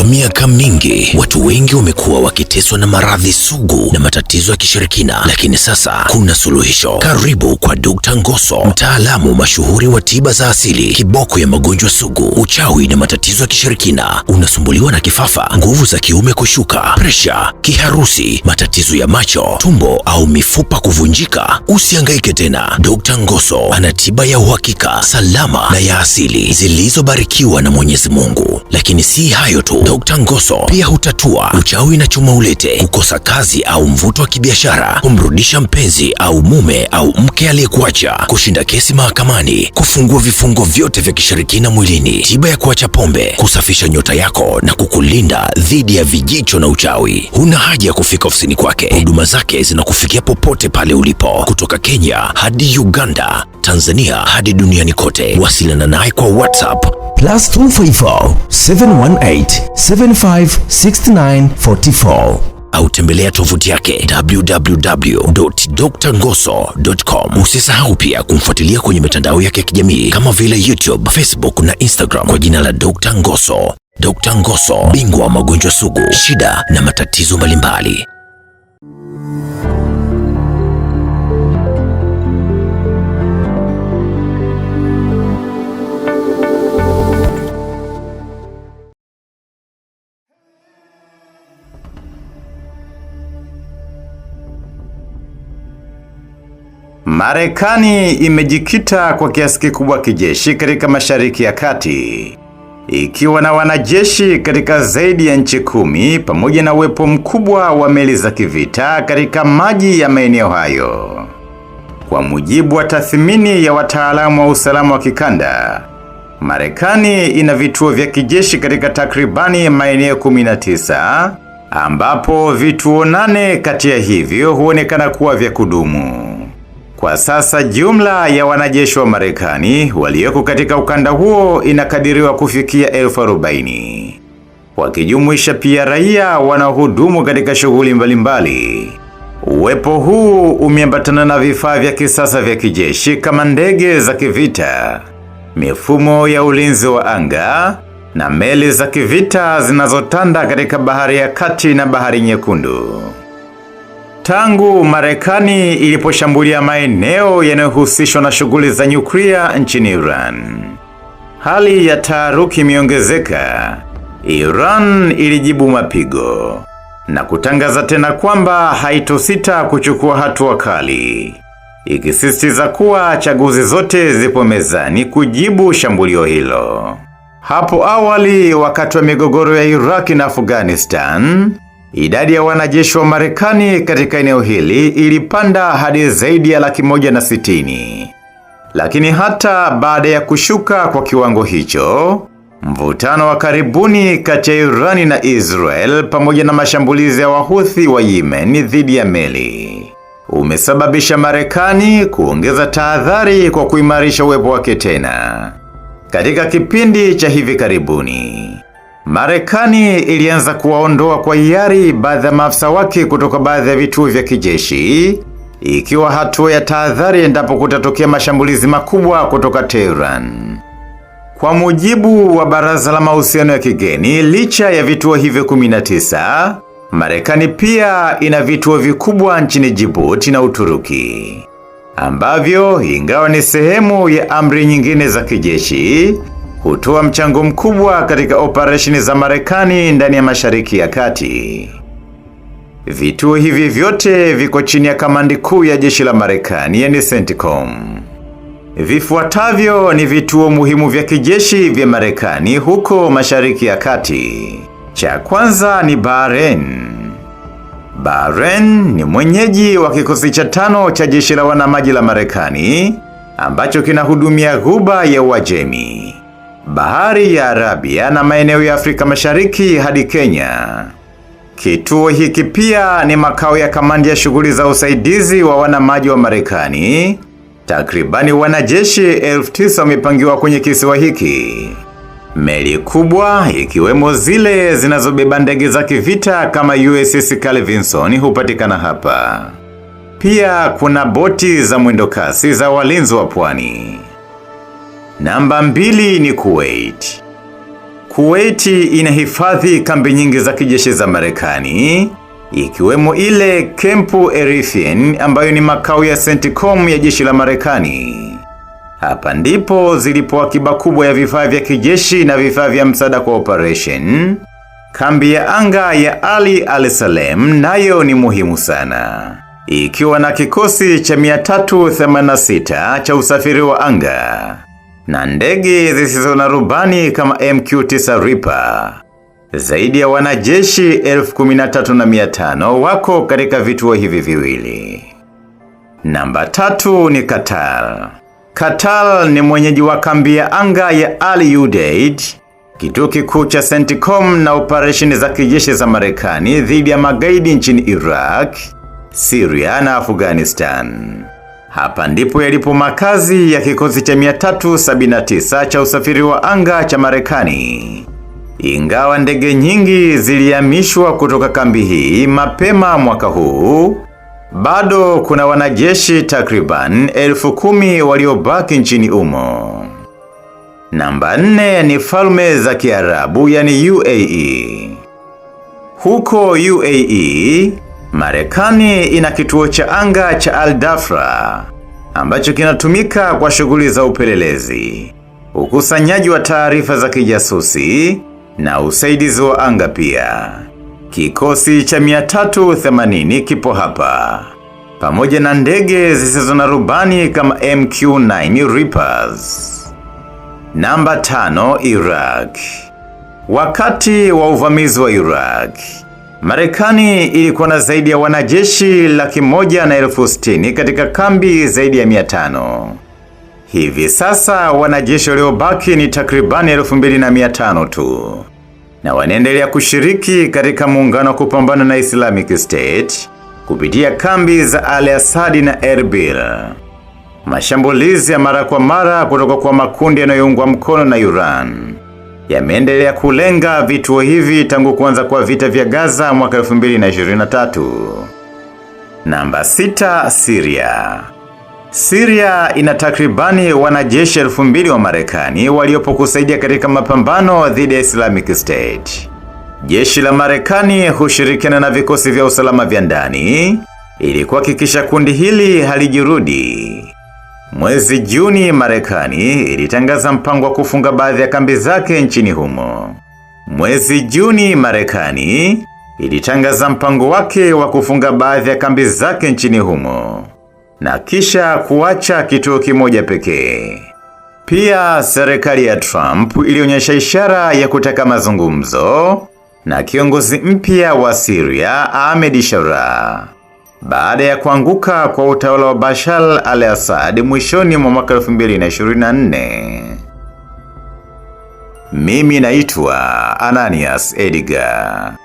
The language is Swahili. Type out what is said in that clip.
Kwa miaka mingi watu wengi wamekuwa wakiteswa na maradhi sugu na matatizo ya kishirikina, lakini sasa kuna suluhisho. Karibu kwa Dr. Ngoso, mtaalamu mashuhuri wa tiba za asili, kiboko ya magonjwa sugu, uchawi na matatizo ya kishirikina. Unasumbuliwa na kifafa, nguvu za kiume kushuka, presha, kiharusi, matatizo ya macho, tumbo au mifupa kuvunjika? Usihangaike tena. Dr. Ngoso ana tiba ya uhakika, salama na ya asili zilizobarikiwa na Mwenyezi Mungu. Lakini si hayo tu Dr. Ngoso pia hutatua uchawi na chuma ulete, kukosa kazi au mvuto wa kibiashara, kumrudisha mpenzi au mume au mke aliyekuacha, kushinda kesi mahakamani, kufungua vifungo vyote vya kishirikina mwilini, tiba ya kuacha pombe, kusafisha nyota yako na kukulinda dhidi ya vijicho na uchawi. Huna haja ya kufika ofisini kwake, huduma zake zinakufikia popote pale ulipo, kutoka Kenya hadi Uganda. Tanzania hadi duniani kote. Wasiliana naye kwa WhatsApp plus 254 718 7569 44 au tembelea tovuti yake www.drngoso.com. Usisahau pia kumfuatilia kwenye mitandao yake ya kijamii kama vile YouTube, Facebook na Instagram kwa jina la Dr. Ngoso. Dr. Ngoso, bingwa wa magonjwa sugu, shida na matatizo mbalimbali. Marekani imejikita kwa kiasi kikubwa kijeshi katika Mashariki ya Kati ikiwa na wanajeshi katika zaidi ya nchi kumi pamoja na uwepo mkubwa wa meli za kivita katika maji ya maeneo hayo. Kwa mujibu wa tathmini ya wataalamu wa usalama wa kikanda, Marekani ina vituo vya kijeshi katika takribani maeneo 19 ambapo vituo nane kati ya hivyo huonekana kuwa vya kudumu. Kwa sasa jumla ya wanajeshi wa Marekani walioko katika ukanda huo inakadiriwa kufikia elfu arobaini wakijumuisha pia raia wanaohudumu katika shughuli mbalimbali. Uwepo huu umeambatana na vifaa vya kisasa vya kijeshi kama ndege za kivita, mifumo ya ulinzi wa anga na meli za kivita zinazotanda katika bahari ya Kati na bahari Nyekundu. Tangu Marekani iliposhambulia maeneo yanayohusishwa na shughuli za nyuklia nchini Iran, hali ya taharuki imeongezeka. Iran ilijibu mapigo na kutangaza tena kwamba haitosita kuchukua hatua kali, ikisisitiza kuwa chaguzi zote zipo mezani kujibu shambulio hilo. Hapo awali, wakati wa migogoro ya Iraki na Afghanistan, Idadi ya wanajeshi wa Marekani katika eneo hili ilipanda hadi zaidi ya laki moja na sitini. Lakini hata baada ya kushuka kwa kiwango hicho, mvutano wa karibuni kati ya Irani na Israel pamoja na mashambulizi ya Wahuthi wa Yemen dhidi ya meli umesababisha Marekani kuongeza tahadhari kwa kuimarisha uwepo wake tena katika kipindi cha hivi karibuni. Marekani ilianza kuwaondoa kwa hiari baadhi ya maafisa wake kutoka baadhi ya vituo vya kijeshi, ikiwa hatua ya tahadhari endapo kutatokea mashambulizi makubwa kutoka Tehran. Kwa mujibu wa Baraza la Mahusiano ya Kigeni, licha ya vituo hivyo 19, Marekani pia ina vituo vikubwa nchini Djibouti na Uturuki ambavyo ingawa ni sehemu ya amri nyingine za kijeshi hutoa mchango mkubwa katika operesheni za Marekani ndani ya Mashariki ya Kati. Vituo hivi vyote viko chini ya kamandi kuu ya jeshi la Marekani, yani CENTCOM. Vifuatavyo ni vituo muhimu vya kijeshi vya Marekani huko Mashariki ya Kati. Cha kwanza ni Bahrain. Bahrain ni mwenyeji wa kikosi cha tano cha jeshi la wanamaji la Marekani ambacho kinahudumia ghuba ya Uajemi bahari ya Arabia na maeneo ya Afrika Mashariki hadi Kenya. Kituo hiki pia ni makao ya kamandi ya shughuli za usaidizi wa wanamaji wa Marekani. Takribani wanajeshi elfu tisa wamepangiwa kwenye kisiwa hiki. Meli kubwa ikiwemo zile zinazobeba ndege za kivita kama USS Carl Vinson hupatikana hapa. Pia kuna boti za mwendo kasi za walinzi wa pwani. Namba mbili ni Kuwait. Kuwait inahifadhi kambi nyingi za kijeshi za Marekani ikiwemo ile Camp Erifian ambayo ni makao ya CENTCOM ya jeshi la Marekani. Hapa ndipo zilipo akiba kubwa ya vifaa vya kijeshi na vifaa vya msaada kwa operation. Kambi ya anga ya Ali al-Salem nayo ni muhimu sana, ikiwa na kikosi cha 386 cha usafiri wa anga na ndege zisizo na rubani kama MQ-9 Reaper. Zaidi ya wanajeshi 13,500 wako katika vituo hivi viwili. Namba tatu ni Qatar. Qatar ni mwenyeji wa kambi ya anga ya Al Udeid, kituo kikuu cha CENTCOM na operesheni za kijeshi za Marekani dhidi ya magaidi nchini Iraq, Syria na Afghanistan. Hapa ndipo yalipo makazi ya kikosi cha 379 cha usafiri wa anga cha Marekani. Ingawa ndege nyingi zilihamishwa kutoka kambi hii mapema mwaka huu, bado kuna wanajeshi takriban elfu kumi waliobaki nchini humo. Namba nne ni Falme za Kiarabu, yani UAE. Huko UAE Marekani ina kituo cha anga cha Al-Dafra ambacho kinatumika kwa shughuli za upelelezi, ukusanyaji wa taarifa za kijasusi na usaidizi wa anga pia. Kikosi cha 380 kipo hapa pamoja na ndege zisizo na rubani kama MQ-9 Reapers. Namba tano, Iraq. Wakati wa uvamizi wa Iraq Marekani ilikuwa na zaidi ya wanajeshi laki moja na elfu sitini katika kambi zaidi ya mia tano. Hivi sasa wanajeshi waliobaki ni takribani elfu mbili na mia tano tu na wanaendelea kushiriki katika muungano wa kupambana na Islamic State kupitia kambi za Al-Asadi na Erbil. Mashambulizi ya mara kwa mara kutoka kwa makundi yanayoungwa mkono na Iran yameendelea kulenga vituo hivi tangu kuanza kwa vita vya Gaza mwaka 2023. Namba 6, Syria. Syria ina takribani wanajeshi elfu mbili wa Marekani waliopo kusaidia katika mapambano dhidi ya Islamic State. Jeshi la Marekani hushirikiana na vikosi vya usalama vya ndani ili kuhakikisha kundi hili halijirudi. Mwezi Juni, Marekani ilitangaza mpango wa kufunga baadhi ya kambi zake nchini humo. Mwezi Juni, Marekani ilitangaza mpango wake wa kufunga baadhi ya kambi zake nchini humo na kisha kuacha kituo kimoja pekee. Pia serikali ya Trump ilionyesha ishara ya kutaka mazungumzo na kiongozi mpya wa Syria Ahmed Sharaa baada ya kuanguka kwa utawala wa Bashar al-Assad mwishoni mwa mwaka 2024. Mimi naitwa Ananias Edgar.